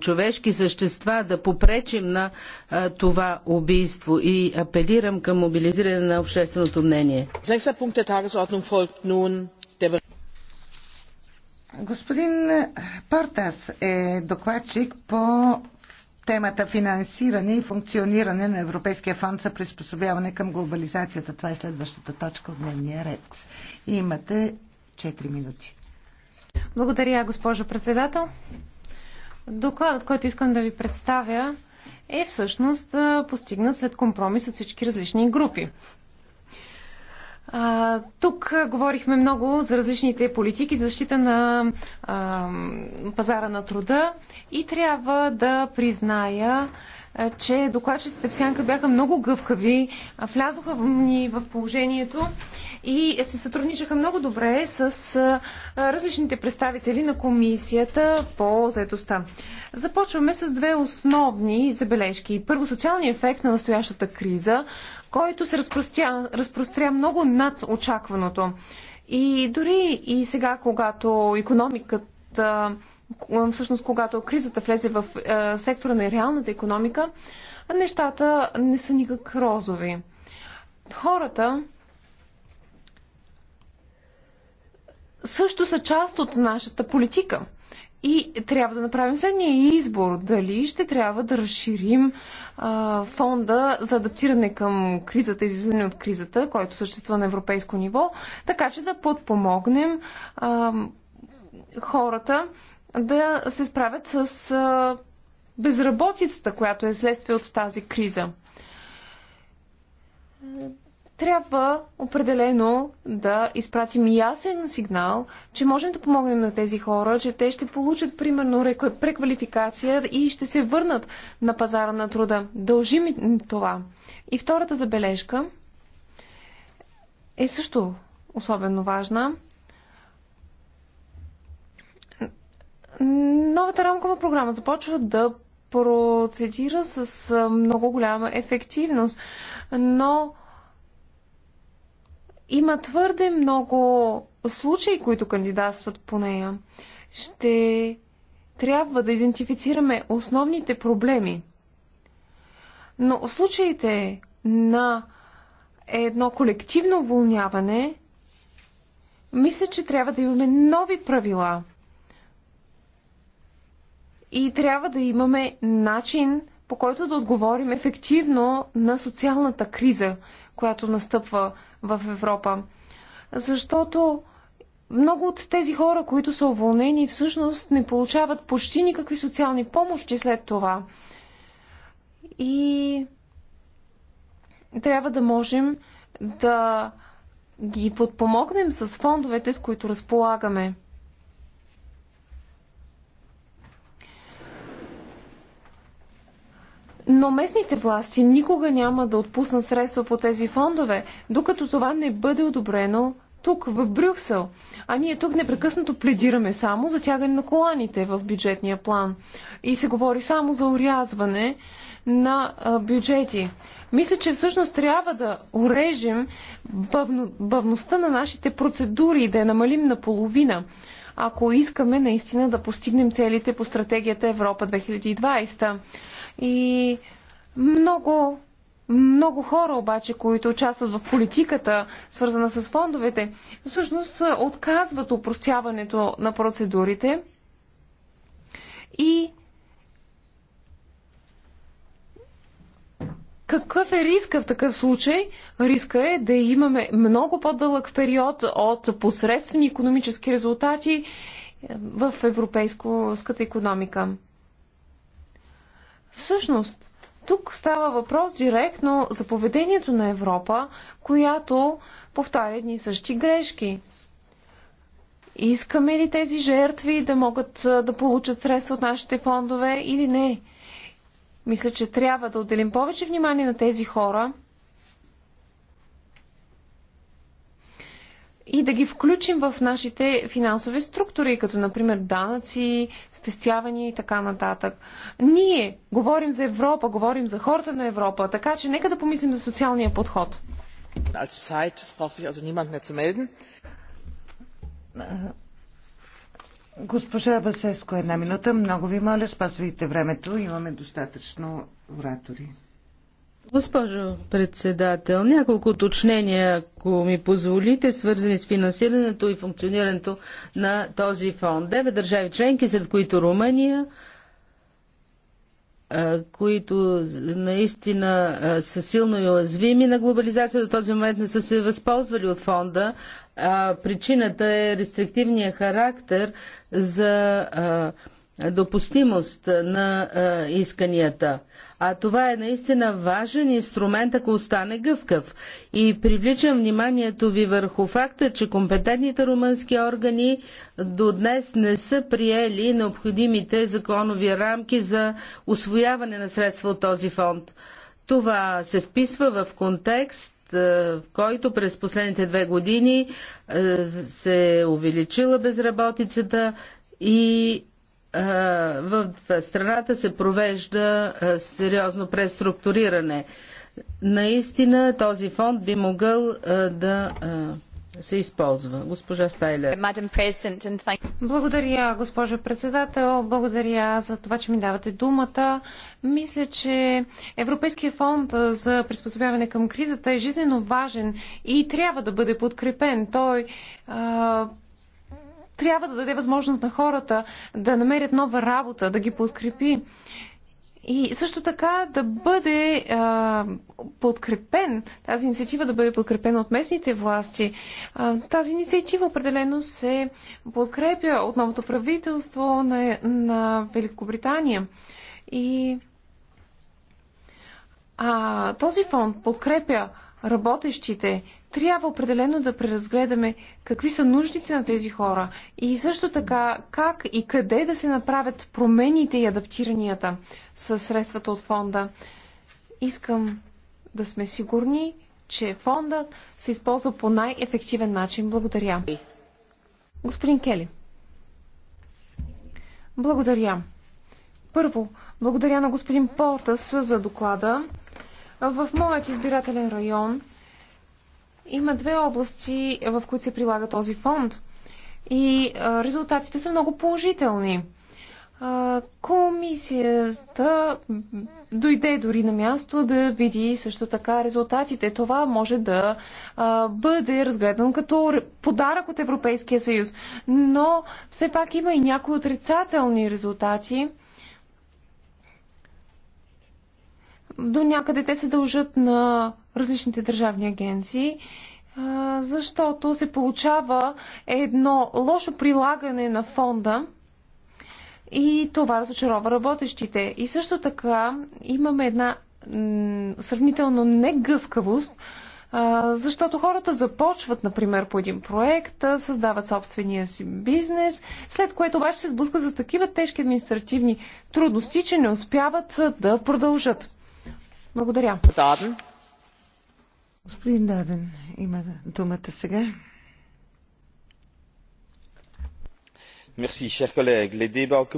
човешки същества, да попречим на а, това убийство и апелирам към мобилизиране на общественото мнение. Господин Портас е докладчик по темата финансиране и функциониране на Европейския фонд за приспособяване към глобализацията. Това е следващата точка от дневния ред. И имате 4 минути. Благодаря, госпожо председател. Докладът, който искам да ви представя, е всъщност постигнат след компромис от всички различни групи. А, тук говорихме много за различните политики, защита на а, пазара на труда и трябва да призная, че докладчиците в Сянка бяха много гъвкави, влязоха ни в положението и се сътрудничаха много добре с различните представители на комисията по заедостта. Започваме с две основни забележки. Първо, социалният ефект на настоящата криза, който се разпростря, разпростря много над очакваното. И дори и сега, когато економиката, всъщност когато кризата влезе в сектора на реалната економика, нещата не са никак розови. Хората също са част от нашата политика. И трябва да направим следния избор. Дали ще трябва да разширим а, фонда за адаптиране към кризата, излизане от кризата, който съществува на европейско ниво, така че да подпомогнем а, хората да се справят с а, безработицата, която е следствие от тази криза трябва определено да изпратим ясен сигнал, че можем да помогнем на тези хора, че те ще получат примерно преквалификация и ще се върнат на пазара на труда. Дължим това. И втората забележка е също особено важна. Новата рамкова програма започва да процедира с много голяма ефективност, но има твърде много случаи, които кандидатстват по нея. Ще трябва да идентифицираме основните проблеми. Но случаите на едно колективно уволняване, мисля, че трябва да имаме нови правила. И трябва да имаме начин, по който да отговорим ефективно на социалната криза, която настъпва в Европа. Защото много от тези хора, които са уволнени, всъщност не получават почти никакви социални помощи след това. И трябва да можем да ги подпомогнем с фондовете, с които разполагаме. Но местните власти никога няма да отпуснат средства по тези фондове, докато това не бъде одобрено тук, в Брюксел. А ние тук непрекъснато пледираме само за тягане на коланите в бюджетния план. И се говори само за урязване на бюджети. Мисля, че всъщност трябва да урежем бавно, бавността на нашите процедури и да я намалим наполовина, ако искаме наистина да постигнем целите по стратегията Европа 2020. И много, много хора обаче, които участват в политиката, свързана с фондовете, всъщност отказват упростяването на процедурите и Какъв е риска в такъв случай? Риска е да имаме много по-дълъг период от посредствени економически резултати в европейската економика. Всъщност, тук става въпрос директно за поведението на Европа, която повтаря едни същи грешки. Искаме ли тези жертви да могат да получат средства от нашите фондове или не? Мисля, че трябва да отделим повече внимание на тези хора – и да ги включим в нашите финансови структури, като например данъци, спестявания и така нататък. Ние говорим за Европа, говорим за хората на Европа, така че нека да помислим за социалния подход. Е, госпожа Басеско, една минута. Много ви моля, спасвайте времето. Имаме достатъчно оратори. Госпожо председател, няколко уточнения, ако ми позволите, свързани с финансирането и функционирането на този фонд. Девет държави членки, след които Румъния, които наистина са силно и уязвими на глобализация, до този момент не са се възползвали от фонда. Причината е рестриктивния характер за допустимост на исканията. А това е наистина важен инструмент, ако остане гъвкав. И привличам вниманието ви върху факта, че компетентните румънски органи до днес не са приели необходимите законови рамки за освояване на средства от този фонд. Това се вписва в контекст е, в който през последните две години е, се е увеличила безработицата и в страната се провежда сериозно преструктуриране. Наистина този фонд би могъл да се използва. Госпожа Стайлер. Благодаря, госпожо председател. Благодаря за това, че ми давате думата. Мисля, че Европейския фонд за приспособяване към кризата е жизненно важен и трябва да бъде подкрепен. Той а, трябва да даде възможност на хората да намерят нова работа, да ги подкрепи. И също така да бъде а, подкрепен, тази инициатива да бъде подкрепена от местните власти. А, тази инициатива определено се подкрепя от новото правителство на, на Великобритания. И а, този фонд подкрепя работещите трябва определено да преразгледаме какви са нуждите на тези хора и също така как и къде да се направят промените и адаптиранията с средствата от фонда. Искам да сме сигурни, че фондът се използва по най-ефективен начин. Благодаря. Господин Кели. Благодаря. Първо, благодаря на господин Портас за доклада. В моят избирателен район има две области, в които се прилага този фонд и резултатите са много положителни. Комисията дойде дори на място да види също така резултатите. Това може да бъде разгледано като подарък от Европейския съюз. Но все пак има и някои отрицателни резултати. до някъде те се дължат на различните държавни агенции, защото се получава едно лошо прилагане на фонда и това разочарова работещите. И също така имаме една сравнително негъвкавост, защото хората започват, например, по един проект, създават собствения си бизнес, след което обаче се сблъскат с такива тежки административни трудности, че не успяват да продължат. Благодаря. Даден. Господин Даден има думата сега.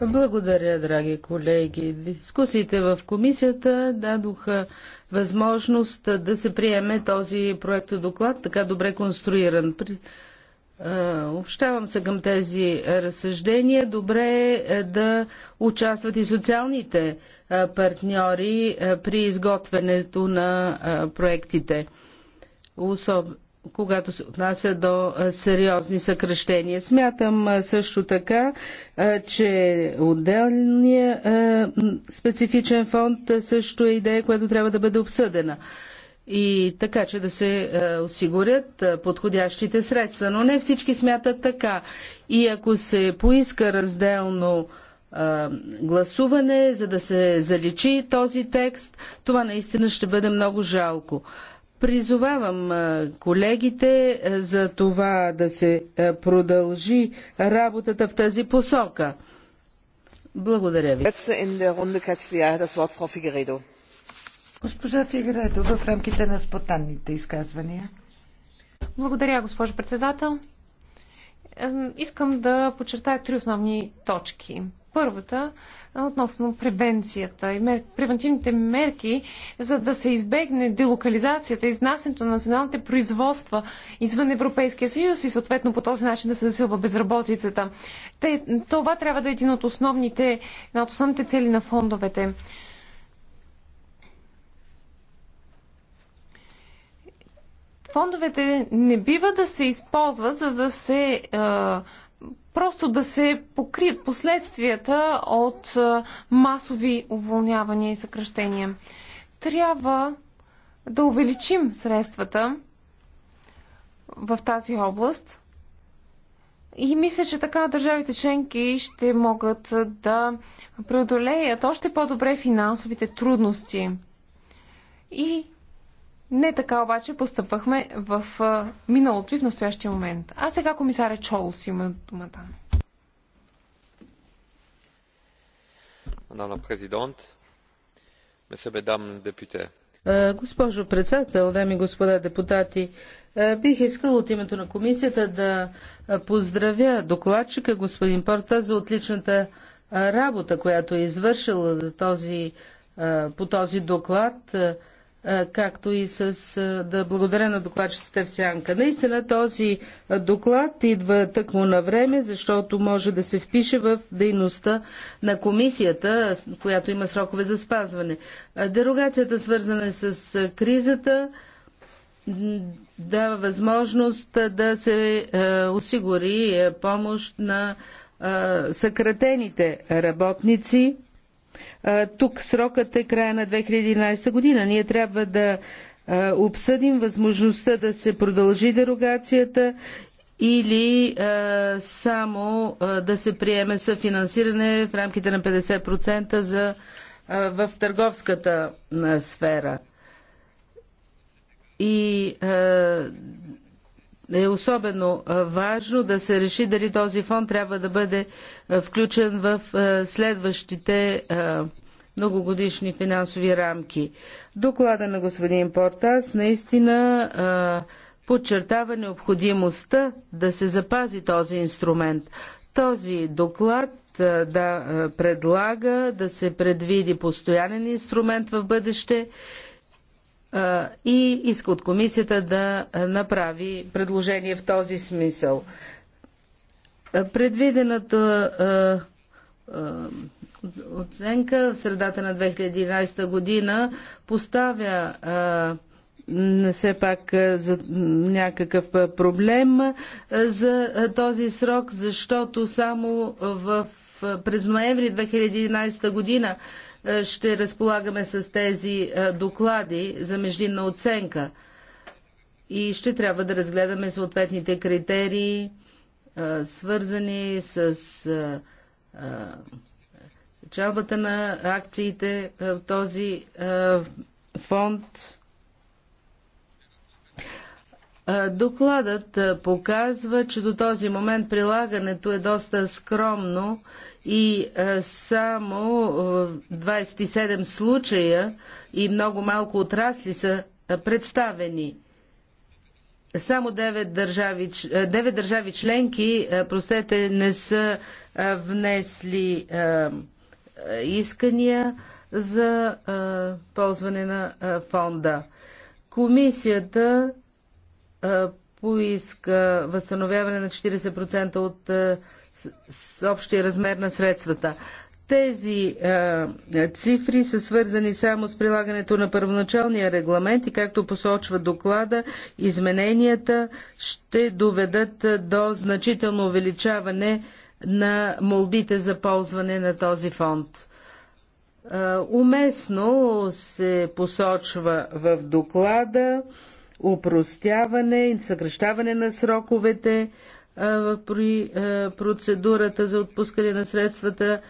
Благодаря, драги колеги. Дискусиите в комисията дадоха възможност да се приеме този проект доклад, така добре конструиран. Общавам се към тези разсъждения. Добре е, е да участват и социалните партньори при изготвянето на проектите, особ... когато се отнася до сериозни съкръщения. Смятам също така, че отделният специфичен фонд също е идея, която трябва да бъде обсъдена и така, че да се е, осигурят е, подходящите средства. Но не всички смятат така. И ако се поиска разделно е, гласуване, за да се заличи този текст, това наистина ще бъде много жалко. Призовавам колегите за това да се продължи работата в тази посока. Благодаря ви. Госпожа Фигредо, в рамките на спонтанните изказвания. Благодаря, госпожо председател. Искам да подчертая три основни точки. Първата е относно превенцията и мер... превентивните мерки, за да се избегне делокализацията, изнасянето на националните производства извън Европейския съюз и съответно по този начин да се засилва безработицата. Те... Това трябва да е един от основните, от основните цели на фондовете. Фондовете не бива да се използват, за да се просто да се покрият последствията от масови уволнявания и съкръщения. Трябва да увеличим средствата в тази област и мисля, че така държавите членки ще могат да преодолеят още по-добре финансовите трудности. И не така обаче постъпвахме в миналото и в настоящия момент. А сега комисаря Чолс има думата. Мадам президент, се бедам депюте. Госпожо председател, дами и господа депутати, бих искал от името на комисията да поздравя докладчика господин Порта за отличната работа, която е извършила този, по този доклад както и с да благодаря на докладчиците в Сянка. Наистина този доклад идва тъкмо на време, защото може да се впише в дейността на комисията, която има срокове за спазване. Дерогацията, свързана с кризата, дава възможност да се осигури помощ на съкратените работници тук срокът е края на 2011 година. Ние трябва да обсъдим възможността да се продължи дерогацията или само да се приеме съфинансиране в рамките на 50% за, в търговската сфера. И е особено важно да се реши дали този фонд трябва да бъде включен в следващите многогодишни финансови рамки. Доклада на господин Портас наистина подчертава необходимостта да се запази този инструмент. Този доклад да предлага да се предвиди постоянен инструмент в бъдеще и иска от комисията да направи предложение в този смисъл. Предвидената оценка в средата на 2011 година поставя все пак за някакъв проблем за този срок, защото само в през ноември 2011 година е, ще разполагаме с тези е, доклади за междинна оценка и ще трябва да разгледаме съответните критерии, е, свързани с печалбата на акциите в този фонд Докладът показва, че до този момент прилагането е доста скромно и само 27 случая и много малко отрасли са представени. Само 9 държави, 9 държави членки, простете, не са внесли искания за ползване на фонда. Комисията поиска възстановяване на 40% от общия размер на средствата. Тези е, цифри са свързани само с прилагането на първоначалния регламент и както посочва доклада, измененията ще доведат до значително увеличаване на молбите за ползване на този фонд. Е, уместно се посочва в доклада, упростяване и съкръщаване на сроковете при процедурата за отпускане на средствата,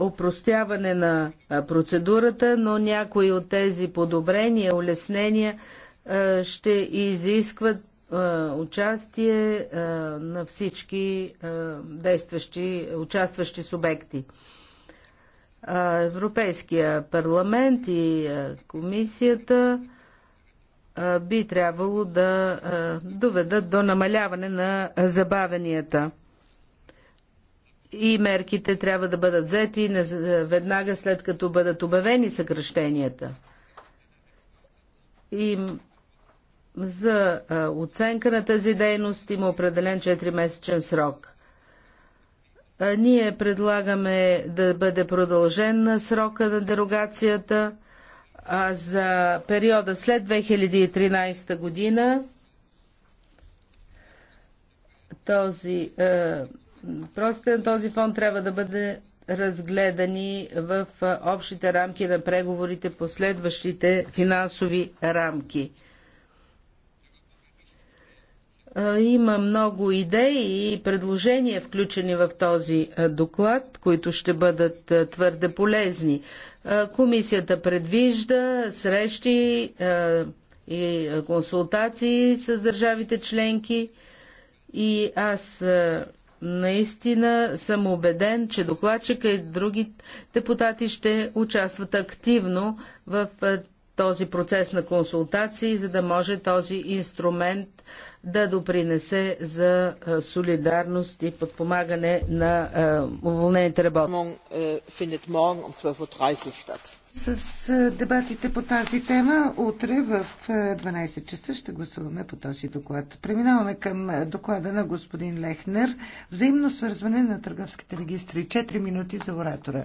упростяване на процедурата, но някои от тези подобрения, улеснения ще изискват участие на всички действащи, участващи субекти. Европейския парламент и комисията би трябвало да доведат до намаляване на забавенията. И мерките трябва да бъдат взети веднага след като бъдат обявени съкръщенията. И за оценка на тази дейност има определен 4-месечен срок. Ние предлагаме да бъде продължен срока на дерогацията – а за периода след 2013 година този е, на този фонд трябва да бъде разгледани в е, общите рамки на преговорите по следващите финансови рамки. Има много идеи и предложения, включени в този доклад, които ще бъдат твърде полезни. Комисията предвижда срещи и консултации с държавите членки и аз наистина съм убеден, че докладчика и други депутати ще участват активно в този процес на консултации, за да може този инструмент да допринесе за солидарност и подпомагане на уволнените работници. Е, С дебатите по тази тема утре в 12 часа ще гласуваме по този доклад. Преминаваме към доклада на господин Лехнер. Взаимно свързване на търговските регистри. 4 минути за оратора.